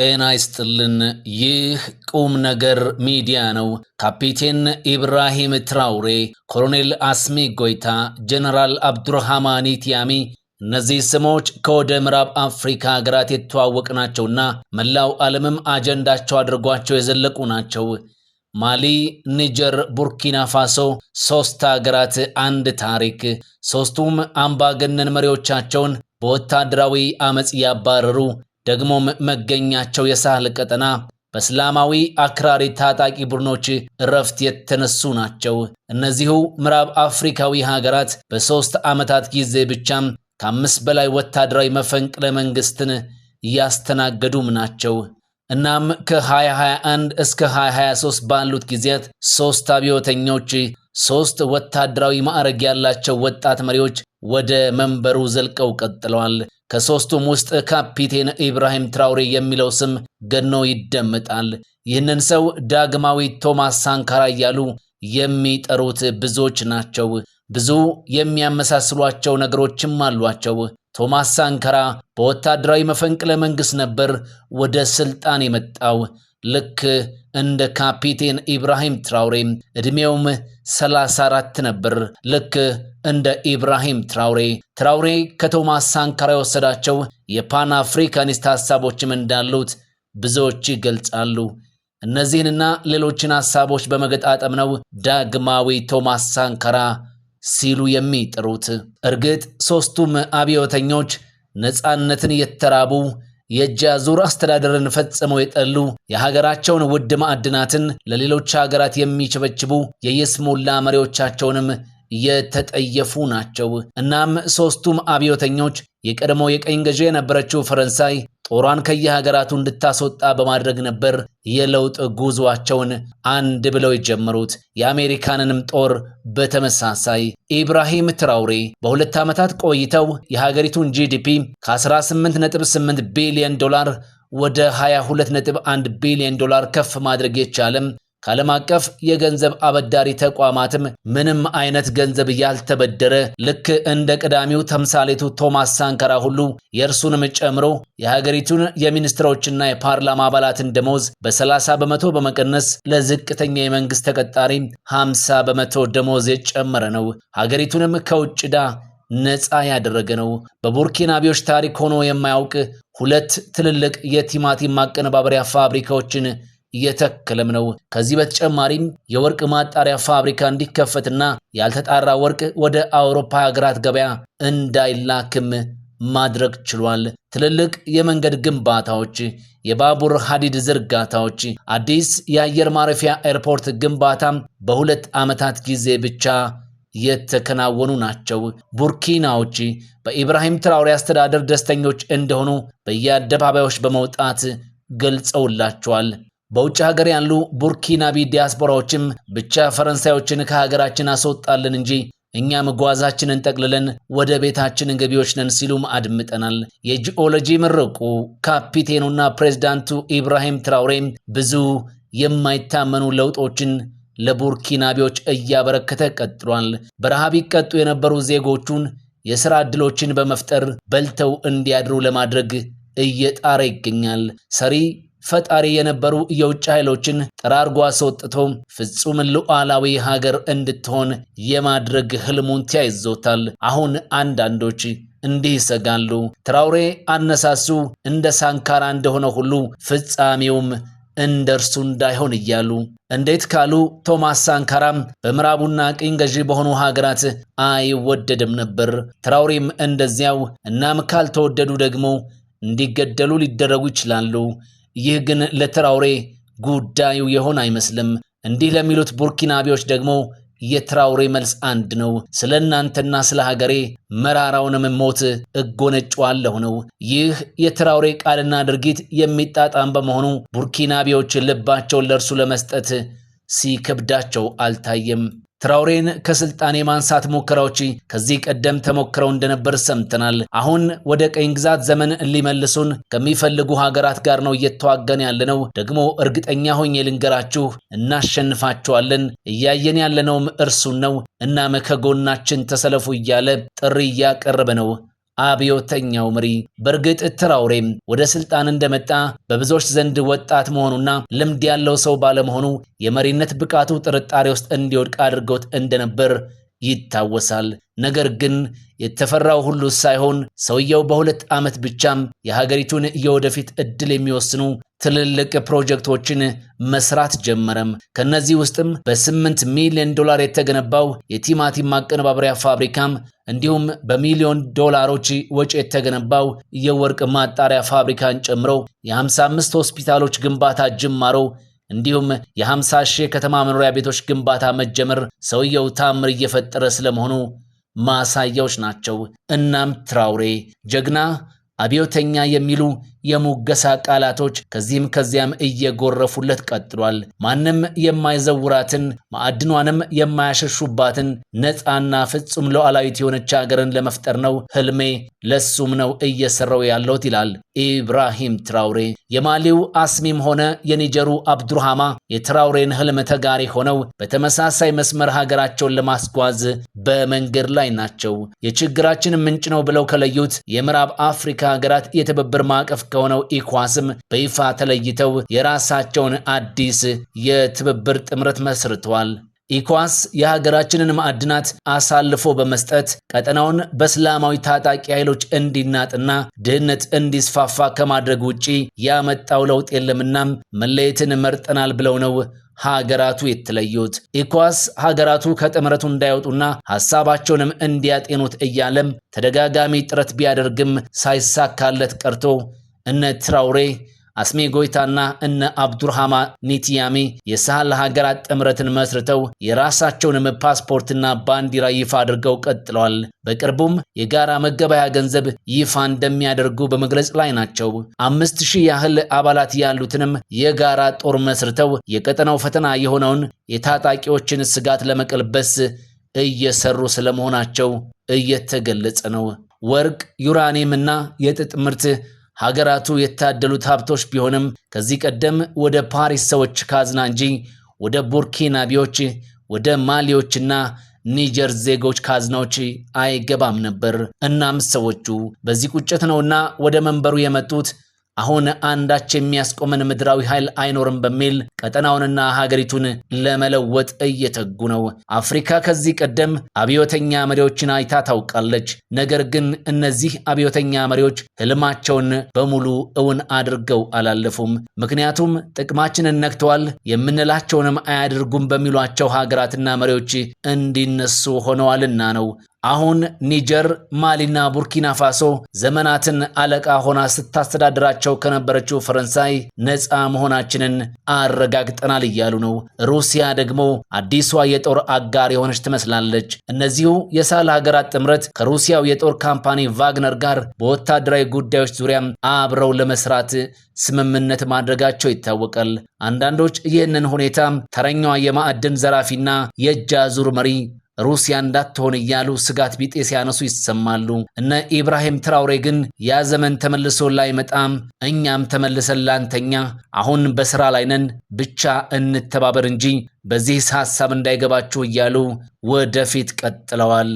ጤና ይስጥልን። ይህ ቁም ነገር ሚዲያ ነው። ካፒቴን ኢብራሂም ትራውሬ፣ ኮሎኔል አስሚ ጎይታ፣ ጀነራል አብዱርሃማን ቲያሚ እነዚህ ስሞች ከወደ ምዕራብ አፍሪካ ሀገራት ናቸውና መላው ዓለምም አጀንዳቸው አድርጓቸው የዘለቁ ናቸው። ማሊ፣ ኒጀር፣ ቡርኪና ፋሶ ሦስት ሀገራት አንድ ታሪክ። ሶስቱም አምባገነን መሪዎቻቸውን በወታደራዊ አመፅ ያባረሩ ደግሞ መገኛቸው የሳህል ቀጠና በእስላማዊ አክራሪ ታጣቂ ቡድኖች እረፍት የተነሱ ናቸው። እነዚሁ ምዕራብ አፍሪካዊ ሀገራት በሦስት ዓመታት ጊዜ ብቻም ከአምስት በላይ ወታደራዊ መፈንቅለ መንግስትን እያስተናገዱም ናቸው። እናም ከ2021 እስከ 2023 ባሉት ጊዜያት ሦስት አብዮተኞች፣ ሦስት ወታደራዊ ማዕረግ ያላቸው ወጣት መሪዎች ወደ መንበሩ ዘልቀው ቀጥለዋል። ከሦስቱም ውስጥ ካፒቴን ኢብራሂም ትራውሬ የሚለው ስም ገኖ ይደመጣል። ይህንን ሰው ዳግማዊ ቶማስ ሳንካራ እያሉ የሚጠሩት ብዙዎች ናቸው። ብዙ የሚያመሳስሏቸው ነገሮችም አሏቸው። ቶማስ ሳንካራ በወታደራዊ መፈንቅለ መንግሥት ነበር ወደ ሥልጣን የመጣው። ልክ እንደ ካፒቴን ኢብራሂም ትራውሬ ዕድሜውም 34 ነበር። ልክ እንደ ኢብራሂም ትራውሬ ትራውሬ ከቶማስ ሳንካራ የወሰዳቸው የፓን አፍሪካኒስት ሀሳቦችም እንዳሉት ብዙዎች ይገልጻሉ። እነዚህንና ሌሎችን ሀሳቦች በመገጣጠም ነው ዳግማዊ ቶማስ ሳንካራ ሲሉ የሚጠሩት። እርግጥ ሦስቱም አብዮተኞች ነፃነትን የተራቡ የእጅ አዙር አስተዳደርን ፈጽመው የጠሉ የሀገራቸውን ውድ ማዕድናትን ለሌሎች ሀገራት የሚችበችቡ የይስሙላ መሪዎቻቸውንም የተጠየፉ ናቸው። እናም ሦስቱም አብዮተኞች የቀድሞ የቀኝ ገዢ የነበረችው ፈረንሳይ ጦሯን ከየሀገራቱ እንድታስወጣ በማድረግ ነበር የለውጥ ጉዞቸውን አንድ ብለው የጀመሩት። የአሜሪካንንም ጦር በተመሳሳይ ኢብራሂም ትራውሬ በሁለት ዓመታት ቆይተው የሀገሪቱን ጂዲፒ ከ18.8 ቢሊዮን ዶላር ወደ 22.1 ቢሊዮን ዶላር ከፍ ማድረግ የቻለም ከዓለም አቀፍ የገንዘብ አበዳሪ ተቋማትም ምንም አይነት ገንዘብ ያልተበደረ ልክ እንደ ቀዳሚው ተምሳሌቱ ቶማስ ሳንካራ ሁሉ የእርሱንም ጨምሮ የሀገሪቱን የሚኒስትሮችና የፓርላማ አባላትን ደሞዝ በ30 በመቶ በመቀነስ ለዝቅተኛ የመንግስት ተቀጣሪ 50 በመቶ ደሞዝ የጨመረ ነው። ሀገሪቱንም ከውጭ ዕዳ ነፃ ያደረገ ነው። በቡርኪናቢዎች ታሪክ ሆኖ የማያውቅ ሁለት ትልልቅ የቲማቲም ማቀነባበሪያ ፋብሪካዎችን እየተከለም ነው። ከዚህ በተጨማሪም የወርቅ ማጣሪያ ፋብሪካ እንዲከፈትና ያልተጣራ ወርቅ ወደ አውሮፓ ሀገራት ገበያ እንዳይላክም ማድረግ ችሏል። ትልልቅ የመንገድ ግንባታዎች፣ የባቡር ሀዲድ ዝርጋታዎች፣ አዲስ የአየር ማረፊያ ኤርፖርት ግንባታ በሁለት ዓመታት ጊዜ ብቻ የተከናወኑ ናቸው። ቡርኪናዎች በኢብራሂም ትራውሬ አስተዳደር ደስተኞች እንደሆኑ በየአደባባዮች በመውጣት ገልጸውላቸዋል። በውጭ ሀገር ያሉ ቡርኪናቢ ዲያስፖራዎችም ብቻ ፈረንሳዮችን ከሀገራችን አስወጣልን እንጂ እኛም ጓዛችንን ጠቅልለን ወደ ቤታችን ገቢዎች ነን ሲሉም አድምጠናል። የጂኦሎጂ ምርቁ ካፒቴኑና ፕሬዝዳንቱ ኢብራሂም ትራውሬም ብዙ የማይታመኑ ለውጦችን ለቡርኪናቢዎች እያበረከተ ቀጥሏል። በረሃብ ይቀጡ የነበሩ ዜጎቹን የሥራ ዕድሎችን በመፍጠር በልተው እንዲያድሩ ለማድረግ እየጣረ ይገኛል። ሰሪ ፈጣሪ የነበሩ የውጭ ኃይሎችን ጠራርጎ አስወጥቶ ፍጹም ሉዓላዊ ሀገር እንድትሆን የማድረግ ህልሙን ተያይዞታል። አሁን አንዳንዶች እንዲህ ይሰጋሉ። ትራውሬ አነሳሱ እንደ ሳንካራ እንደሆነ ሁሉ ፍጻሜውም እንደ እርሱ እንዳይሆን እያሉ እንዴት ካሉ ቶማስ ሳንካራም በምዕራቡና ቅኝ ገዢ በሆኑ ሀገራት አይወደድም ነበር። ትራውሬም እንደዚያው። እናም ካልተወደዱ ደግሞ እንዲገደሉ ሊደረጉ ይችላሉ። ይህ ግን ለትራውሬ ጉዳዩ የሆነ አይመስልም። እንዲህ ለሚሉት ቡርኪናቢዎች ደግሞ የትራውሬ መልስ አንድ ነው። ስለ እናንተና ስለ ሀገሬ መራራውንም ሞት እጎነጨዋለሁ ነው። ይህ የትራውሬ ቃልና ድርጊት የሚጣጣም በመሆኑ ቡርኪናቤዎች ልባቸውን ለእርሱ ለመስጠት ሲከብዳቸው አልታየም። ትራውሬን ከስልጣን የማንሳት ሙከራዎች ከዚህ ቀደም ተሞክረው እንደነበር ሰምተናል። አሁን ወደ ቀኝ ግዛት ዘመን ሊመልሱን ከሚፈልጉ ሀገራት ጋር ነው እየተዋገን ያለነው። ደግሞ እርግጠኛ ሆኜ ልንገራችሁ፣ እናሸንፋቸዋለን። እያየን ያለነውም እርሱን ነው። እናም ከጎናችን ተሰለፉ እያለ ጥሪ እያቀረበ ነው። አብዮተኛው መሪ በእርግጥ ትራውሬ ወደ ስልጣን እንደመጣ በብዙዎች ዘንድ ወጣት መሆኑና ልምድ ያለው ሰው ባለመሆኑ የመሪነት ብቃቱ ጥርጣሬ ውስጥ እንዲወድቅ አድርገውት እንደነበር ይታወሳል። ነገር ግን የተፈራው ሁሉ ሳይሆን ሰውየው በሁለት ዓመት ብቻም የሀገሪቱን የወደፊት ዕድል የሚወስኑ ትልልቅ ፕሮጀክቶችን መስራት ጀመረም። ከነዚህ ውስጥም በስምንት ሚሊዮን ዶላር የተገነባው የቲማቲም ማቀነባበሪያ ፋብሪካም እንዲሁም በሚሊዮን ዶላሮች ወጪ የተገነባው የወርቅ ማጣሪያ ፋብሪካን ጨምሮ የ55 ሆስፒታሎች ግንባታ ጅማሮ እንዲሁም የ50 ሺህ ከተማ መኖሪያ ቤቶች ግንባታ መጀመር ሰውየው ታምር እየፈጠረ ስለመሆኑ ማሳያዎች ናቸው። እናም ትራውሬ ጀግና አብዮተኛ የሚሉ የሙገሳ ቃላቶች ከዚህም ከዚያም እየጎረፉለት ቀጥሏል። ማንም የማይዘውራትን ማዕድኗንም የማያሸሹባትን ነፃና ፍጹም ሉዓላዊት የሆነች ሀገርን ለመፍጠር ነው ህልሜ፣ ለሱም ነው እየሰራው ያለሁት ይላል ኢብራሂም ትራውሬ። የማሊው አስሚም ሆነ የኒጀሩ አብዱርሃማ የትራውሬን ህልም ተጋሪ ሆነው በተመሳሳይ መስመር ሀገራቸውን ለማስጓዝ በመንገድ ላይ ናቸው። የችግራችን ምንጭ ነው ብለው ከለዩት የምዕራብ አፍሪካ ሀገራት የትብብር ማዕቀፍ ከሆነው ኢኳስም በይፋ ተለይተው የራሳቸውን አዲስ የትብብር ጥምረት መስርተዋል። ኢኳስ የሀገራችንን ማዕድናት አሳልፎ በመስጠት ቀጠናውን በእስላማዊ ታጣቂ ኃይሎች እንዲናጥና ድህነት እንዲስፋፋ ከማድረግ ውጪ ያመጣው ለውጥ የለምና መለየትን መርጠናል ብለው ነው ሀገራቱ የተለዩት። ኢኳስ ሀገራቱ ከጥምረቱ እንዳይወጡና ሀሳባቸውንም እንዲያጤኑት እያለም ተደጋጋሚ ጥረት ቢያደርግም ሳይሳካለት ቀርቶ እነ ትራውሬ አስሜ ጎይታና እነ አብዱርሃማ ኒትያሜ የሳህል ሀገራት ጥምረትን መስርተው የራሳቸውንም ፓስፖርትና ባንዲራ ይፋ አድርገው ቀጥለዋል። በቅርቡም የጋራ መገበያ ገንዘብ ይፋ እንደሚያደርጉ በመግለጽ ላይ ናቸው። አምስት ሺህ ያህል አባላት ያሉትንም የጋራ ጦር መስርተው የቀጠናው ፈተና የሆነውን የታጣቂዎችን ስጋት ለመቀልበስ እየሰሩ ስለመሆናቸው እየተገለጸ ነው። ወርቅ፣ ዩራኒየምና የጥጥ ምርት ሀገራቱ የታደሉት ሀብቶች ቢሆንም ከዚህ ቀደም ወደ ፓሪስ ሰዎች ካዝና እንጂ ወደ ቡርኪናቢዎች፣ ወደ ማሊዎችና ኒጀር ዜጎች ካዝናዎች አይገባም ነበር። እናም ሰዎቹ በዚህ ቁጭት ነውና ወደ መንበሩ የመጡት አሁን አንዳች የሚያስቆመን ምድራዊ ኃይል አይኖርም በሚል ቀጠናውንና ሀገሪቱን ለመለወጥ እየተጉ ነው። አፍሪካ ከዚህ ቀደም አብዮተኛ መሪዎችን አይታ ታውቃለች። ነገር ግን እነዚህ አብዮተኛ መሪዎች ህልማቸውን በሙሉ እውን አድርገው አላለፉም። ምክንያቱም ጥቅማችንን ነክተዋል የምንላቸውንም አያደርጉም በሚሏቸው ሀገራትና መሪዎች እንዲነሱ ሆነዋልና ነው። አሁን ኒጀር፣ ማሊና ቡርኪና ፋሶ ዘመናትን አለቃ ሆና ስታስተዳድራቸው ከነበረችው ፈረንሳይ ነፃ መሆናችንን አረጋግጠናል እያሉ ነው። ሩሲያ ደግሞ አዲሷ የጦር አጋር የሆነች ትመስላለች። እነዚሁ የሳል ሀገራት ጥምረት ከሩሲያው የጦር ካምፓኒ ቫግነር ጋር በወታደራዊ ጉዳዮች ዙሪያም አብረው ለመስራት ስምምነት ማድረጋቸው ይታወቃል። አንዳንዶች ይህንን ሁኔታ ተረኛዋ የማዕድን ዘራፊና የእጅ አዙር መሪ ሩሲያ እንዳትሆን እያሉ ስጋት ቢጤ ሲያነሱ ይሰማሉ። እነ ኢብራሂም ትራውሬ ግን ያ ዘመን ተመልሶ ላይመጣም፣ እኛም ተመልሰን ላንተኛ፣ አሁን በስራ ላይ ነን፣ ብቻ እንተባበር እንጂ በዚህ ሀሳብ እንዳይገባችሁ እያሉ ወደፊት ቀጥለዋል።